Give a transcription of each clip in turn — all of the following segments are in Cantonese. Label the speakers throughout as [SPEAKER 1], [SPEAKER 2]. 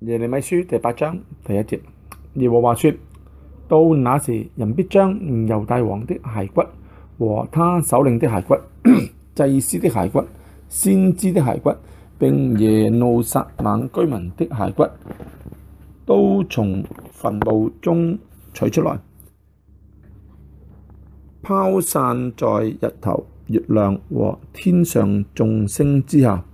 [SPEAKER 1] 耶利米書第八章第一節，耶和華說：到那時，人必將猶大王的骸骨和他首領的骸骨、 祭司的骸骨、先知的骸骨，並耶路撒冷居民的骸骨，都從墳墓中取出來，拋散在日頭、月亮和天上眾星之下。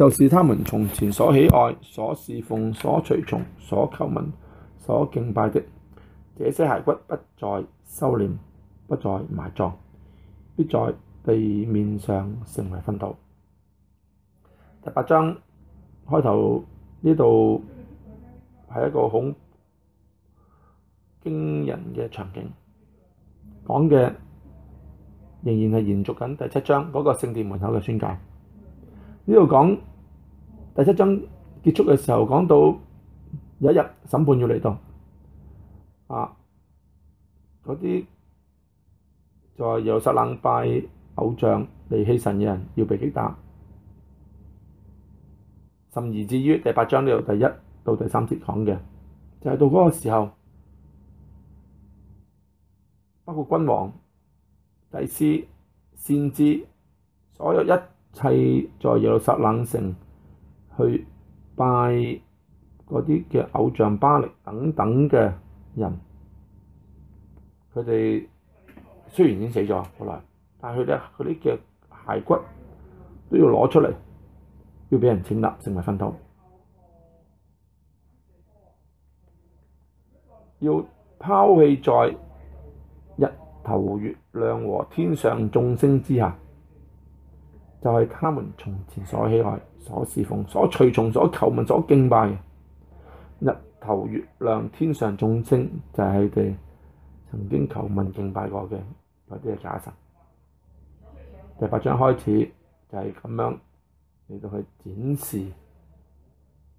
[SPEAKER 1] 就是他們從前所喜愛、所侍奉、所隨從、所叩問、所敬拜的。這些骸骨不，不再收殮，不再埋葬，必在地面上成為糞土。第八章開頭呢度係一個好驚人嘅場景，講嘅仍然係延續緊第七章嗰、那個聖殿門口嘅宣教，呢度講。第七章結束嘅時候，講到有一日審判要嚟到，啊，嗰啲在耶路撒冷拜偶像、離棄神嘅人要被擊打，甚至於第八章呢度第一到第三節講嘅，就係、是、到嗰個時候，包括君王、祭司、先知，所有一切在耶路撒冷城，去拜嗰啲嘅偶像、巴力等等嘅人，佢哋雖然已經死咗好耐，但係佢哋嗰啲嘅骸骨都要攞出嚟，要畀人請立成為糞土，要拋棄在日頭、月亮和天上眾星之下。就係他們從前所喜愛、所侍奉、所隨從、所求問、所敬拜嘅，日頭、月亮、天上眾星，就係佢哋曾經求問敬拜過嘅，啲係假神。第八章開始就係咁樣嚟到去展示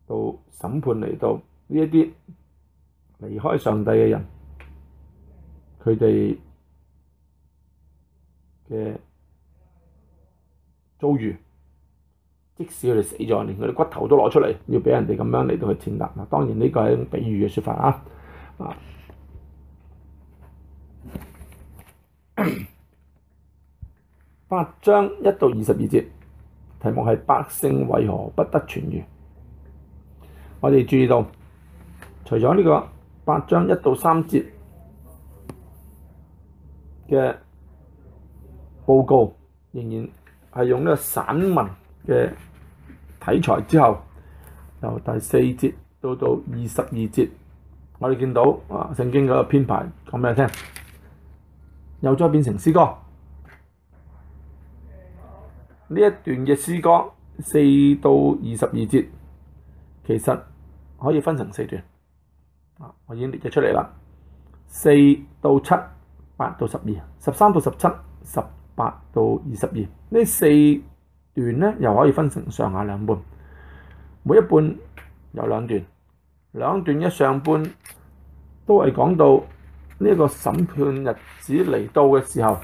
[SPEAKER 1] 到審判嚟到呢一啲離開上帝嘅人，佢哋嘅。遭遇，即使佢哋死咗，連佢哋骨頭都攞出嚟，要俾人哋咁樣嚟到去踐踏。當然呢個係比喻嘅説法啊。八章一到二十二節，題目係百姓為何不得痊愈？我哋注意到，除咗呢個八章一到三節嘅報告，仍然。係用呢個散文嘅體裁之後，由第四節到到二十二節，我哋見到啊聖經嗰個編排，講俾你聽，又再變成詩歌。呢一段嘅詩歌四到二十二節，其實可以分成四段。啊，我已經列咗出嚟啦，四到七、八到十二、十三到十七、十。八到二十二呢四段呢，又可以分成上下兩半，每一半有兩段，兩段一上半都係講到呢個審判日子嚟到嘅時候，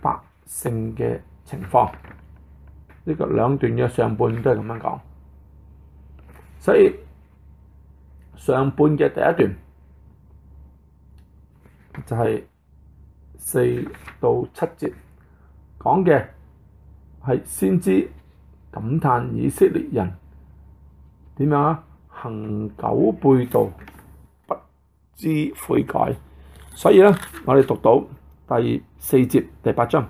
[SPEAKER 1] 百姓嘅情況，呢、這個兩段嘅上半都係咁樣講，所以上半嘅第一段就係、是。四到七節講嘅係先知感嘆以色列人點樣啊，恆久背道，不知悔改。所以咧，我哋讀到第四節第八章，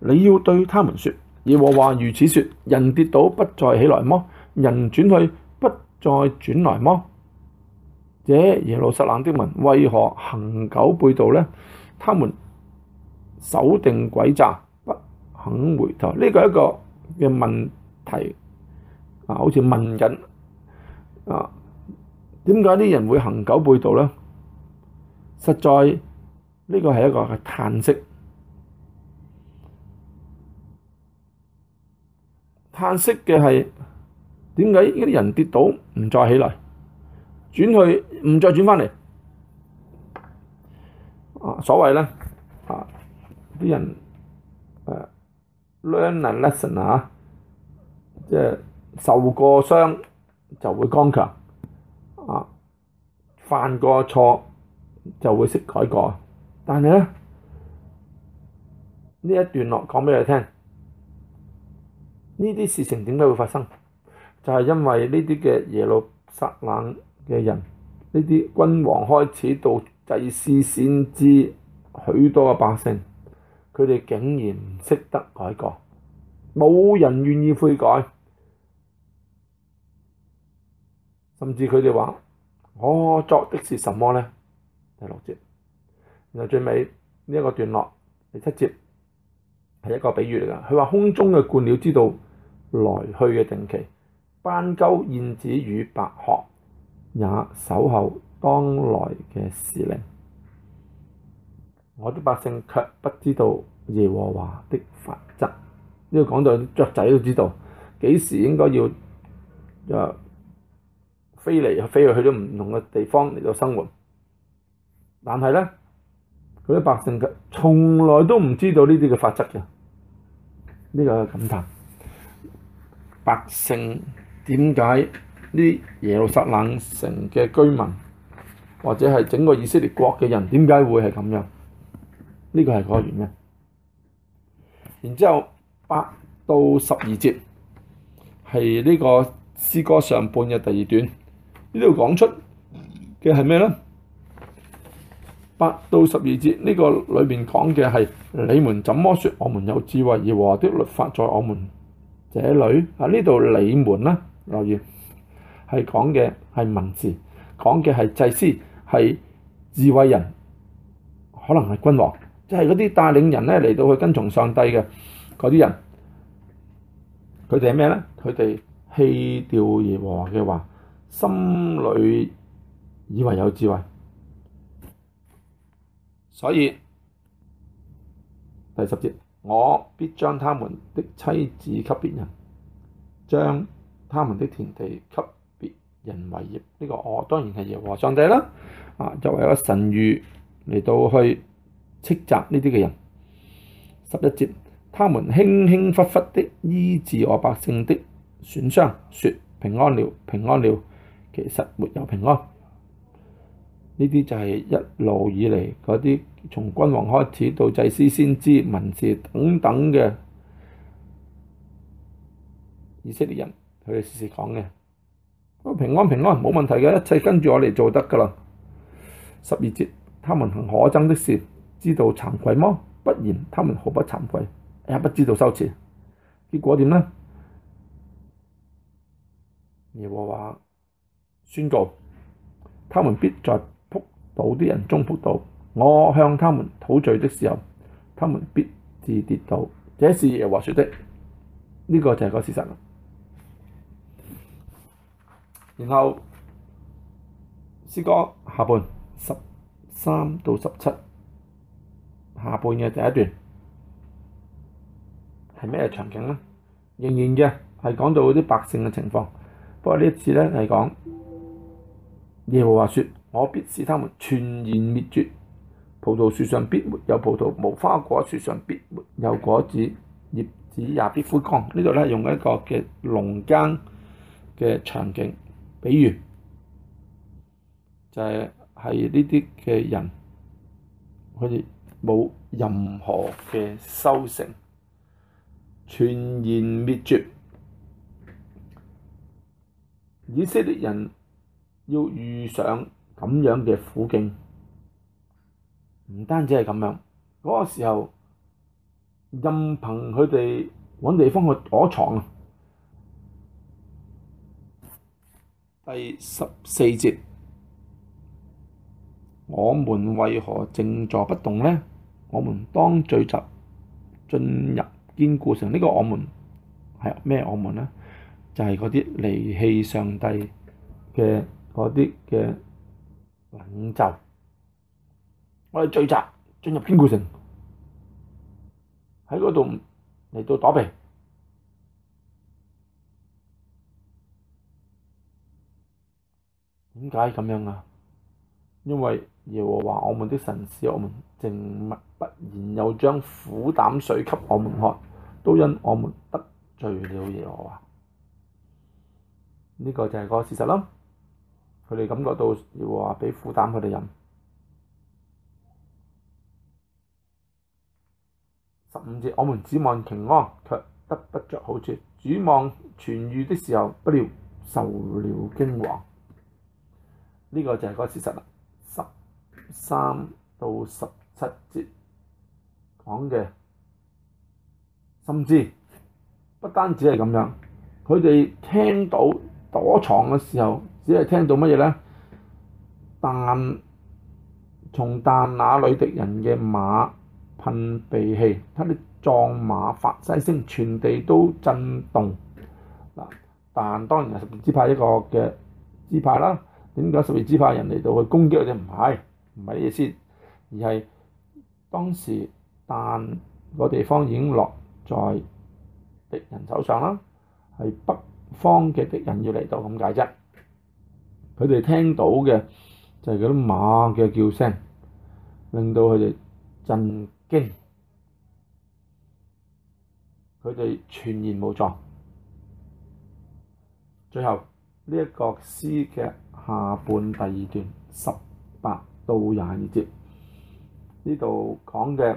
[SPEAKER 1] 你要對他們說：耶和華如此說，人跌倒不再起來麼？人轉去不再轉來麼？這耶路撒冷的民為何恆久背道呢？他們。守定詭詐，不肯回頭，呢個係一個嘅問題，好似問緊啊，點解啲人會恆久背道呢？實在呢個係一個嘅嘆息，嘆息嘅係點解依家啲人跌倒唔再起嚟，轉去唔再轉返嚟，所謂呢。啲人誒，uh, learn a lesson 啊，即係受過傷就會剛強啊，犯過錯就會識改過。但係咧，呢一段落講畀你聽，呢啲事情點解會發生？就係、是、因為呢啲嘅耶路撒冷嘅人，呢啲君王開始到祭司先知許多嘅百姓。佢哋竟然唔識得改過，冇人願意悔改，甚至佢哋話：「我、哦、作的是什麼呢？」第六節，然後最尾呢一個段落，第七節係一個比喻嚟㗎。佢話：空中嘅鸛鳥知道來去嘅定期，斑鳩、燕子與白鶴也守候當來嘅時令。我啲百姓卻不知道耶和華的法則，呢個講到雀仔都知道幾時應該要，誒飛嚟飛去去咗唔同嘅地方嚟到生活，但係咧，佢啲百姓卻從來都唔知道呢啲嘅法則嘅，呢個感嘆。百姓點解呢耶路撒冷城嘅居民，或者係整個以色列國嘅人點解會係咁樣？呢個係嗰個原因。然之後八到十二節係呢個詩歌上半嘅第二段，呢度講出嘅係咩呢？八到十二節呢個裏邊講嘅係你們怎麼說，我們有智慧，耶和華的律法在我們這裏喺呢度。你們呢？留意係講嘅係文士，講嘅係祭司，係智慧人，可能係君王。即係嗰啲帶領人咧嚟到去跟從上帝嘅嗰啲人，佢哋係咩咧？佢哋棄掉耶和華嘅話，心裏以為有智慧，所以第十節，我必將他們的妻子給別人，將他們嘅田地給別人為業。呢、這個我、哦、當然係耶和華上帝啦，啊，作為一個神諭嚟到去。斥責呢啲嘅人。十一節，他們輕輕忽忽的醫治我百姓的損傷，說平安了，平安了。其實沒有平安。呢啲就係一路以嚟嗰啲，從君王開始到祭司、先知、文士等等嘅以色列人，佢哋時時講嘅。哦，平安，平安，冇問題嘅，一切跟住我嚟做得㗎啦。十二節，他們行可憎的事。知道慚愧麼？不然他們毫不慚愧，也、哎、不知道羞恥。結果點呢？耶和華宣告：他們必在撲倒啲人中撲倒。我向他們討罪的時候，他們必自跌倒。這是耶和華説的。呢、這個就係個事實。然後詩歌下半十三到十七。下半嘅第一段係咩場景呢？仍然嘅係講到啲百姓嘅情況，不過呢一次咧係講耶和華說：我必使他們全然滅絕，葡萄樹上必沒有葡萄，無花果樹上必沒有果子，葉子也必枯乾。呢度咧用一個嘅農耕嘅場景，比喻就係係呢啲嘅人佢哋。冇任何嘅收成，全然滅絕。以色列人要遇上咁樣嘅苦境，唔單止係咁樣，嗰個時候任憑佢哋揾地方去躲藏啊！第十四節，我們為何靜坐不動呢？我們當聚集進入堅固城，呢個我們係咩我們呢？就係嗰啲離棄上帝嘅嗰啲嘅領袖。我哋聚集進入堅固城，喺嗰度嚟到躲避。點解咁樣啊？因為耶和華我們的神是我們。靜默不言，又將苦膽水給我們喝，都因我們得罪了耶和華。呢、這個就係個事實啦。佢哋感覺到要話俾苦膽佢哋飲。十五節，我們指望平安，卻得不着好處；指望痊愈的時候不，不料受了驚惶。呢、這個就係個事實啦。十三到十。直接講嘅，甚至不單止係咁樣，佢哋聽到躲藏嘅時候，只係聽到乜嘢咧？但從但那裏敵人嘅馬噴鼻氣，睇啲壯馬發西聲，全地都震動。但但當然係十二支派一個嘅支派啦。點解十二支派人嚟到去攻擊佢哋？唔係唔係呢意思，而係。當時，但那個地方已經落在敵人手上啦，係北方嘅敵人要嚟到咁解啫。佢哋聽到嘅就係嗰啲馬嘅叫聲，令到佢哋震驚，佢哋全然無助。最後呢一、這個詩嘅下半第二段十八到廿二節。呢度講嘅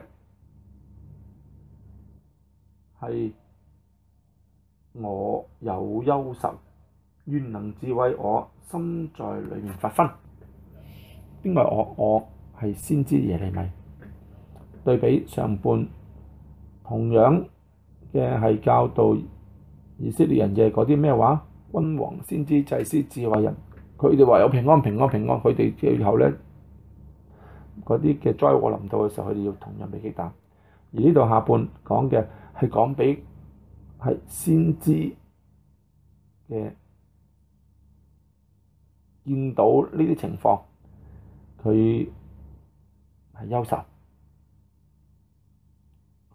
[SPEAKER 1] 係，我有憂愁，願能智慧我，我心在裏面發昏。因為我，我係先知耶利米。對比上半，同樣嘅係教導以色列人嘅嗰啲咩話？君王先知祭司智慧人，佢哋話有平安平安平安，佢哋最後咧。嗰啲嘅災禍臨到嘅時候，佢哋要同樣被擊打。而呢度下半講嘅係講畀係先知嘅見到呢啲情況，佢係憂愁，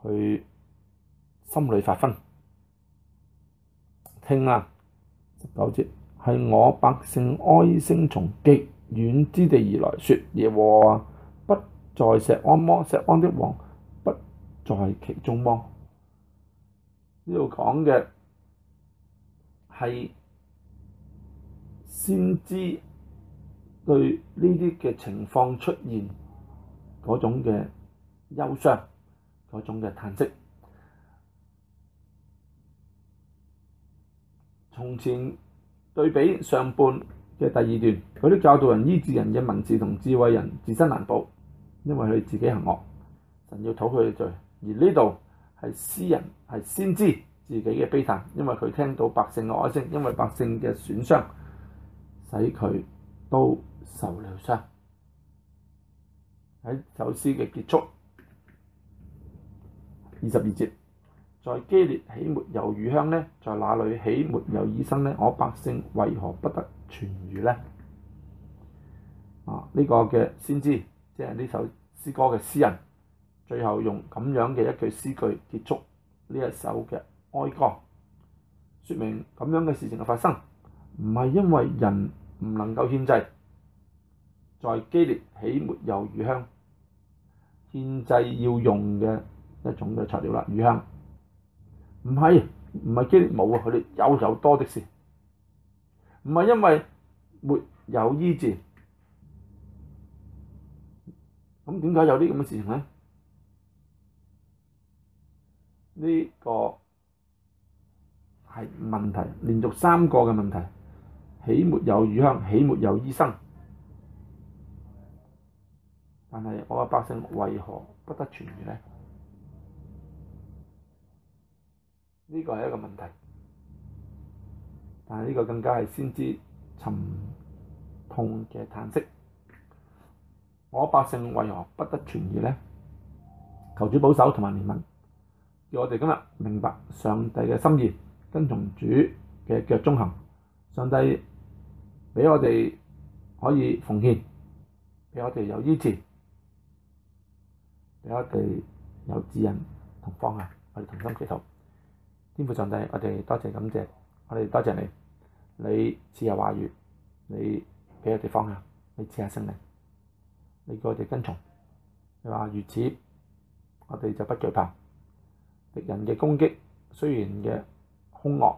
[SPEAKER 1] 佢心裏發憤，聽啦、啊，十九節係我百姓哀聲從極遠之地而來說，説耶和在石安麼？石安的王不在其中麼？呢度講嘅係先知對呢啲嘅情況出現嗰種嘅憂傷，嗰種嘅嘆息。從前對比上半嘅第二段，嗰啲教導人醫治人嘅文字同智慧人自身難保。因為佢自己行惡，神要討佢嘅罪。而呢度係詩人係先知自己嘅悲嘆，因為佢聽到百姓嘅哀聲，因為百姓嘅損傷，使佢都受了傷。喺首詩嘅結束，二十二節，在基列豈沒有乳香呢？在那裏豈沒有醫生呢？我百姓為何不得痊愈呢？啊，呢、這個嘅先知。即呢首詩歌嘅詩人，最後用咁樣嘅一句詩句結束呢一首嘅哀歌，説明咁樣嘅事情嘅發生，唔係因為人唔能夠獻祭，在基列豈沒有乳香？獻祭要用嘅一種嘅材料啦，乳香，唔係，唔係基列冇啊，佢哋有時多的是，唔係因為沒有醫治。咁點解有啲咁嘅事情呢？呢個係問題，連續三個嘅問題，豈沒有乳香，豈沒有醫生，但係我嘅百姓為何不得痊癒呢？呢個係一個問題，但係呢個更加係先知沉痛嘅嘆息。我百姓為何不得痊癒呢？求主保守同埋憐憫，叫我哋今日明白上帝嘅心意，跟從主嘅腳蹤行。上帝畀我哋可以奉獻，畀我哋有依持，畀我哋有指引同方向。我哋同心祈禱，天父上帝，我哋多謝感謝，我哋多謝你，你賜下話語，你畀我哋方向，你賜下生命。你叫我哋跟從，你話如此，我哋就不懼怕敵人嘅攻擊。雖然嘅凶惡，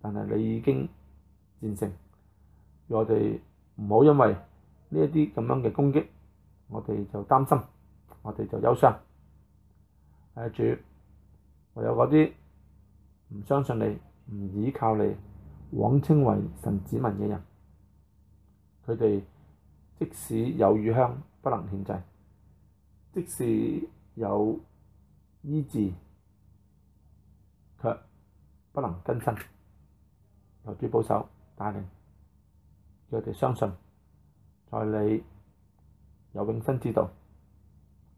[SPEAKER 1] 但係你已經戰勝，我哋唔好因為呢一啲咁樣嘅攻擊，我哋就擔心，我哋就憂傷。誒主，唯有嗰啲唔相信你、唔依靠你、妄稱為神子民嘅人，佢哋即使有乳香。不能斷制，即使有醫治，卻不能更新。求主保守打令叫我哋相信在你有永生之道，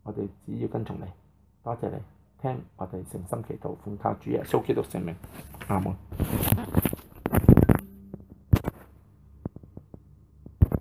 [SPEAKER 1] 我哋只要跟從你。多謝你，聽我哋誠心祈禱，奉靠主耶穌基督聖名，阿門、嗯。